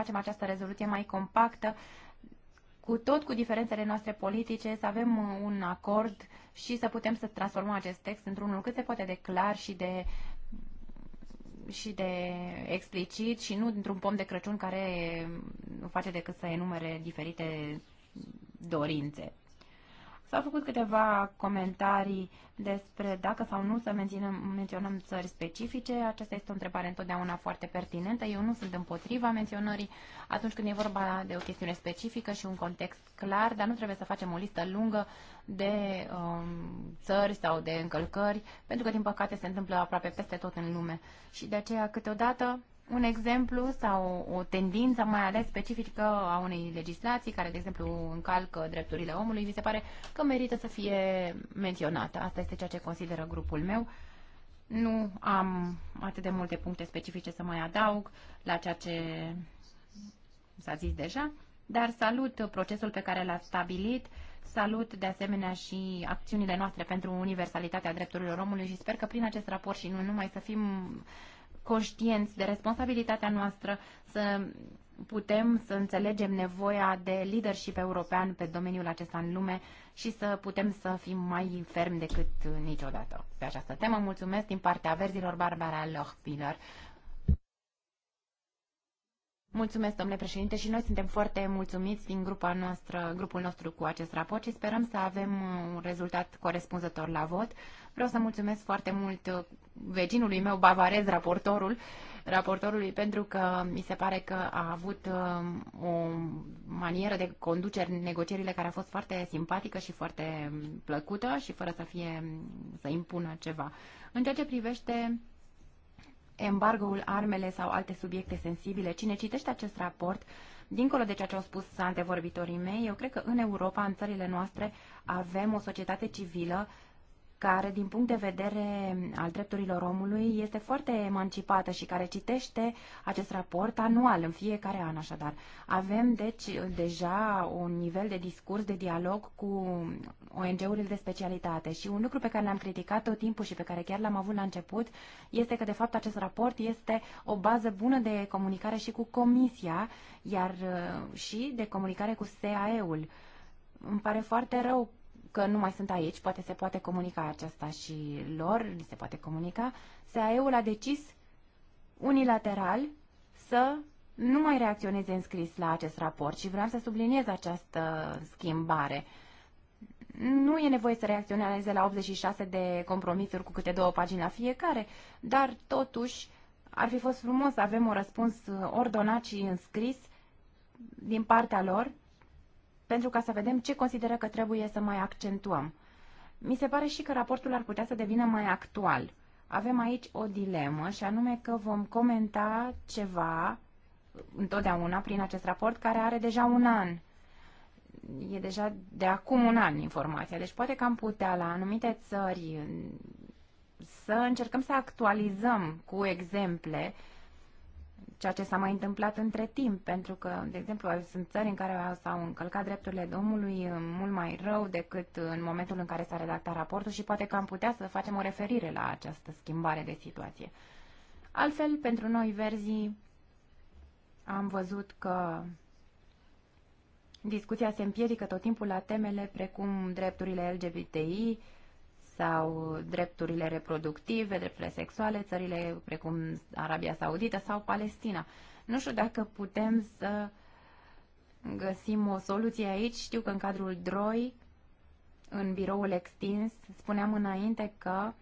facem această rezoluție mai compactă, cu tot cu diferențele noastre politice, să avem uh, un acord și să putem să transformăm acest text într-unul cât se poate de clar și de și de explicit și nu într-un pom de Crăciun care nu face decât să enumere diferite dorințe. S-au făcut câteva comentarii despre dacă sau nu să menținem, menționăm țări specifice. Aceasta este o întrebare întotdeauna foarte pertinentă. Eu nu sunt împotriva menționării atunci când e vorba de o chestiune specifică și un context clar, dar nu trebuie să facem o listă lungă de um, țări sau de încălcări, pentru că, din păcate, se întâmplă aproape peste tot în lume. Și de aceea, câteodată, un exemplu sau o tendință mai ales specifică a unei legislații care, de exemplu, încalcă drepturile omului, mi se pare că merită să fie menționată. Asta este ceea ce consideră grupul meu. Nu am atât de multe puncte specifice să mai adaug la ceea ce s-a zis deja, dar salut procesul pe care l-a stabilit, salut de asemenea și acțiunile noastre pentru universalitatea drepturilor omului și sper că prin acest raport și nu numai să fim conștienți de responsabilitatea noastră să putem să înțelegem nevoia de leadership european pe domeniul acesta în lume și să putem să fim mai fermi decât niciodată pe această temă. Mulțumesc din partea verzilor Barbara Lochbiller. Mulțumesc, domnule președinte, și noi suntem foarte mulțumiți din grupa noastră, grupul nostru cu acest raport și sperăm să avem uh, un rezultat corespunzător la vot. Vreau să mulțumesc foarte mult uh, vecinului meu bavarez, raportorul, raportorului, pentru că mi se pare că a avut uh, o manieră de conducere negocierile care a fost foarte simpatică și foarte um, plăcută și fără să fie să impună ceva. În ceea ce privește embargoul, armele sau alte subiecte sensibile. Cine citește acest raport, dincolo de ceea ce au spus antevorbitorii mei, eu cred că în Europa, în țările noastre, avem o societate civilă care, din punct de vedere al drepturilor omului, este foarte emancipată și care citește acest raport anual, în fiecare an, așadar. Avem, deci, deja un nivel de discurs, de dialog cu ONG-urile de specialitate. Și un lucru pe care l-am criticat tot timpul și pe care chiar l-am avut la început este că, de fapt, acest raport este o bază bună de comunicare și cu Comisia, iar uh, și de comunicare cu SAE-ul. Îmi pare foarte rău că nu mai sunt aici, poate se poate comunica aceasta și lor, li se poate comunica. SAE-ul a decis unilateral să nu mai reacționeze în scris la acest raport și vreau să subliniez această schimbare nu e nevoie să reacționeze la 86 de compromisuri cu câte două pagini la fiecare, dar totuși ar fi fost frumos să avem un răspuns uh, ordonat și înscris din partea lor, pentru ca să vedem ce consideră că trebuie să mai accentuăm. Mi se pare și că raportul ar putea să devină mai actual. Avem aici o dilemă și anume că vom comenta ceva uh, întotdeauna prin acest raport care are deja un an e deja de acum un an informația, deci poate că am putea la anumite țări să încercăm să actualizăm cu exemple ceea ce s-a mai întâmplat între timp, pentru că, de exemplu, sunt țări în care s-au încălcat drepturile omului mult mai rău decât în momentul în care s-a redactat raportul și poate că am putea să facem o referire la această schimbare de situație. Altfel, pentru noi verzii, am văzut că Discuția se împiedică tot timpul la temele precum drepturile LGBTI sau drepturile reproductive, drepturile sexuale, țările precum Arabia Saudită sau Palestina. Nu știu dacă putem să găsim o soluție aici. Știu că în cadrul DROI, în biroul extins, spuneam înainte că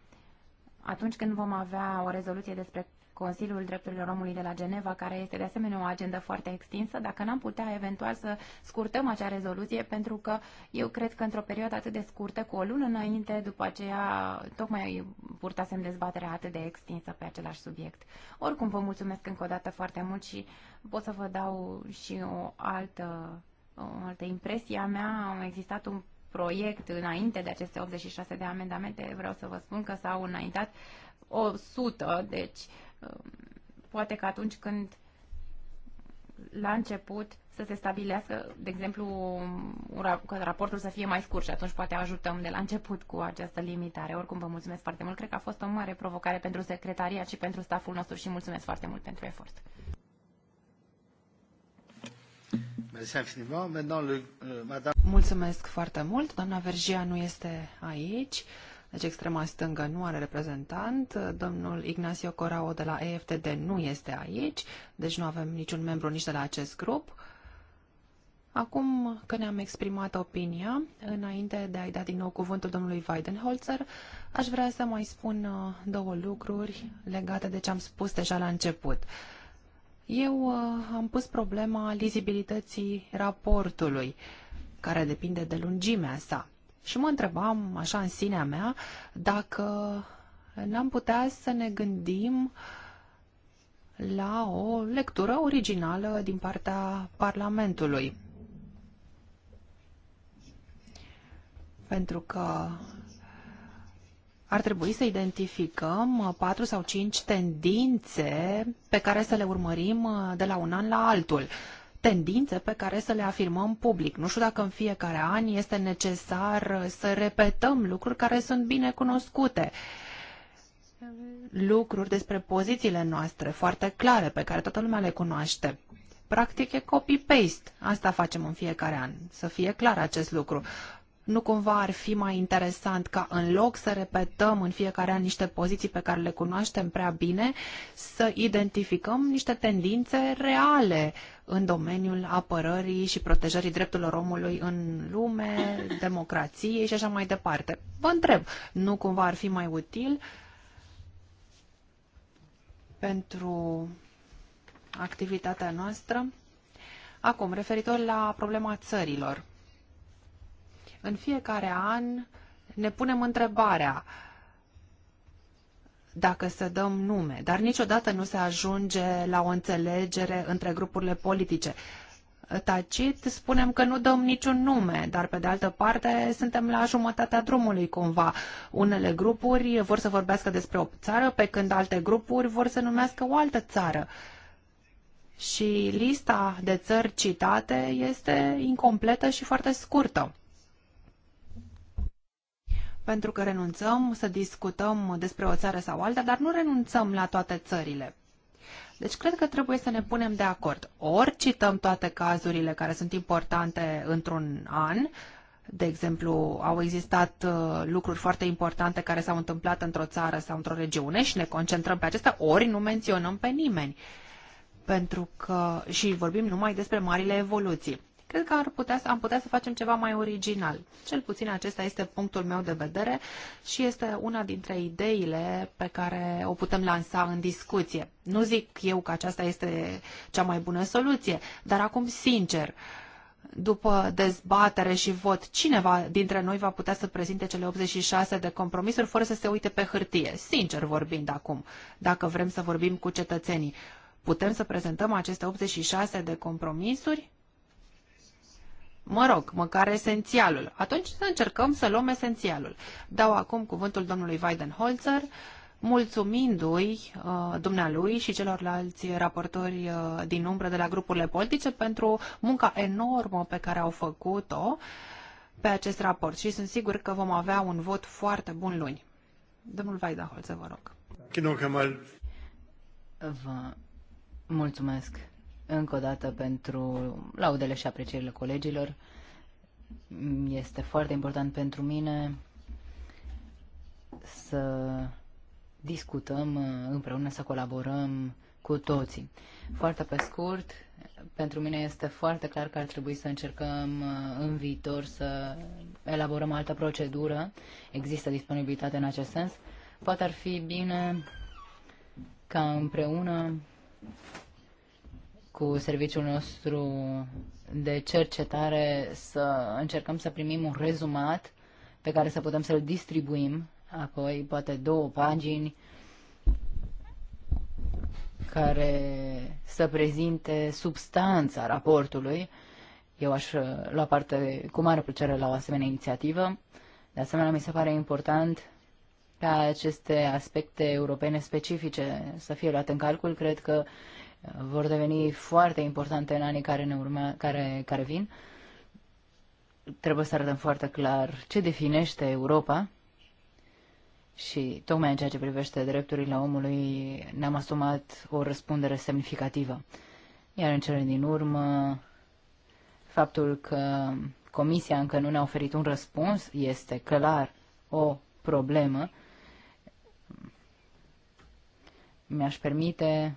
atunci când vom avea o rezoluție despre Consiliul Drepturilor Omului de la Geneva, care este de asemenea o agendă foarte extinsă, dacă n-am putea eventual să scurtăm acea rezoluție, pentru că eu cred că într-o perioadă atât de scurtă, cu o lună înainte, după aceea, tocmai purtasem dezbaterea atât de extinsă pe același subiect. Oricum, vă mulțumesc încă o dată foarte mult și pot să vă dau și o altă, o altă impresie a mea. A existat un proiect înainte de aceste 86 de amendamente, vreau să vă spun că s-au înaintat 100, deci uh, Um, poate că atunci când la început să se stabilească, de exemplu, că raportul să fie mai scurt și atunci poate ajutăm de la început cu această limitare. Oricum, vă mulțumesc foarte mult. Cred că a fost o mare provocare pentru secretariat și pentru staful nostru și mulțumesc foarte mult pentru efort. Euh, mulțumesc foarte mult. Doamna Vergia nu este aici. Deci extrema stângă nu are reprezentant. Domnul Ignacio Corao de la EFTD nu este aici, deci nu avem niciun membru nici de la acest grup. Acum că ne-am exprimat opinia, înainte de a-i da din nou cuvântul domnului Weidenholzer, aș vrea să mai spun uh, două lucruri legate de ce am spus deja la început. Eu uh, am pus problema lizibilității raportului, care depinde de lungimea sa. Și mă întrebam, așa în sinea mea, dacă n-am putea să ne gândim la o lectură originală din partea Parlamentului. Pentru că ar trebui să identificăm patru sau cinci tendințe pe care să le urmărim de la un an la altul tendințe pe care să le afirmăm public. Nu știu dacă în fiecare an este necesar să repetăm lucruri care sunt bine cunoscute lucruri despre pozițiile noastre foarte clare, pe care toată lumea le cunoaște. Practic e copy-paste. Asta facem în fiecare an. Să fie clar acest lucru nu cumva ar fi mai interesant ca în loc să repetăm în fiecare an niște poziții pe care le cunoaștem prea bine, să identificăm niște tendințe reale în domeniul apărării și protejării drepturilor omului în lume, democrației și așa mai departe. Vă întreb, nu cumva ar fi mai util pentru activitatea noastră? Acum, referitor la problema țărilor în fiecare an ne punem întrebarea dacă să dăm nume, dar niciodată nu se ajunge la o înțelegere între grupurile politice. Tacit spunem că nu dăm niciun nume, dar pe de altă parte suntem la jumătatea drumului cumva. Unele grupuri vor să vorbească despre o țară, pe când alte grupuri vor să numească o altă țară. Și lista de țări citate este incompletă și foarte scurtă pentru că renunțăm să discutăm despre o țară sau alta, dar nu renunțăm la toate țările. Deci cred că trebuie să ne punem de acord. Ori cităm toate cazurile care sunt importante într-un an, de exemplu, au existat uh, lucruri foarte importante care s-au întâmplat într-o țară sau într-o regiune și ne concentrăm pe acestea, ori nu menționăm pe nimeni. Pentru că și vorbim numai despre marile evoluții. Cred că ar putea, am putea să facem ceva mai original. Cel puțin acesta este punctul meu de vedere și este una dintre ideile pe care o putem lansa în discuție. Nu zic eu că aceasta este cea mai bună soluție, dar acum, sincer, după dezbatere și vot, cineva dintre noi va putea să prezinte cele 86 de compromisuri fără să se uite pe hârtie, sincer vorbind acum, dacă vrem să vorbim cu cetățenii. Putem să prezentăm aceste 86 de compromisuri? Mă rog, măcar esențialul. Atunci să încercăm să luăm esențialul. Dau acum cuvântul domnului Weidenholzer, mulțumindu-i uh, dumnealui și celorlalți raportori uh, din umbră de la grupurile politice pentru munca enormă pe care au făcut-o pe acest raport și sunt sigur că vom avea un vot foarte bun luni. Domnul Weidenholzer, vă rog. Vă mulțumesc încă o dată pentru laudele și aprecierile colegilor. Este foarte important pentru mine să discutăm împreună, să colaborăm cu toții. Foarte pe scurt, pentru mine este foarte clar că ar trebui să încercăm uh, în viitor să elaborăm altă procedură. Există disponibilitate în acest sens. Poate ar fi bine ca împreună cu serviciul nostru de cercetare să încercăm să primim un rezumat pe care să putem să-l distribuim, apoi poate două pagini care să prezinte substanța raportului. Eu aș lua parte cu mare plăcere la o asemenea inițiativă. De asemenea, mi se pare important ca aceste aspecte europene specifice să fie luate în calcul. Cred că uh, vor deveni foarte importante în anii care, ne urma, care, care vin. Trebuie să arătăm foarte clar ce definește Europa și tocmai în ceea ce privește drepturile omului ne-am asumat o răspundere semnificativă. Iar în cele din urmă, faptul că Comisia încă nu ne-a oferit un răspuns este clar o problemă. Mi-aș permite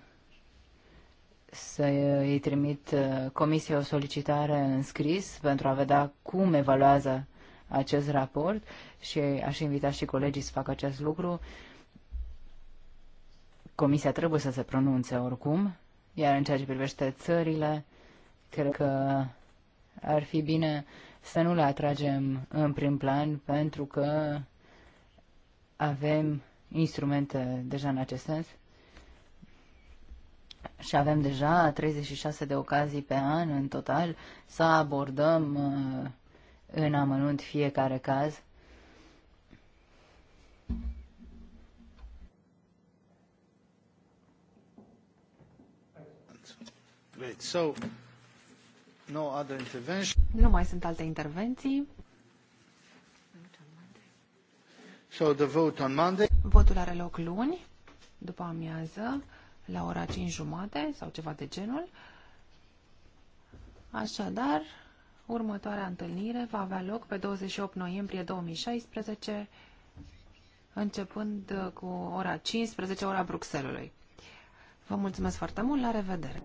să îi trimit uh, comisiei o solicitare în scris pentru a vedea cum evaluează acest raport și aș invita și colegii să facă acest lucru. Comisia trebuie să se pronunțe oricum, iar în ceea ce privește țările, cred că ar fi bine să nu le atragem în prim plan pentru că avem instrumente deja în acest sens și avem deja 36 de ocazii pe an în total să abordăm uh, în amănunt fiecare caz. Nu mai sunt alte intervenții. So the vote on Monday. Votul are loc luni, după amiază la ora 5 jumate sau ceva de genul. Așadar, următoarea întâlnire va avea loc pe 28 noiembrie 2016, începând cu ora 15, ora Bruxelului. Vă mulțumesc foarte mult, la revedere!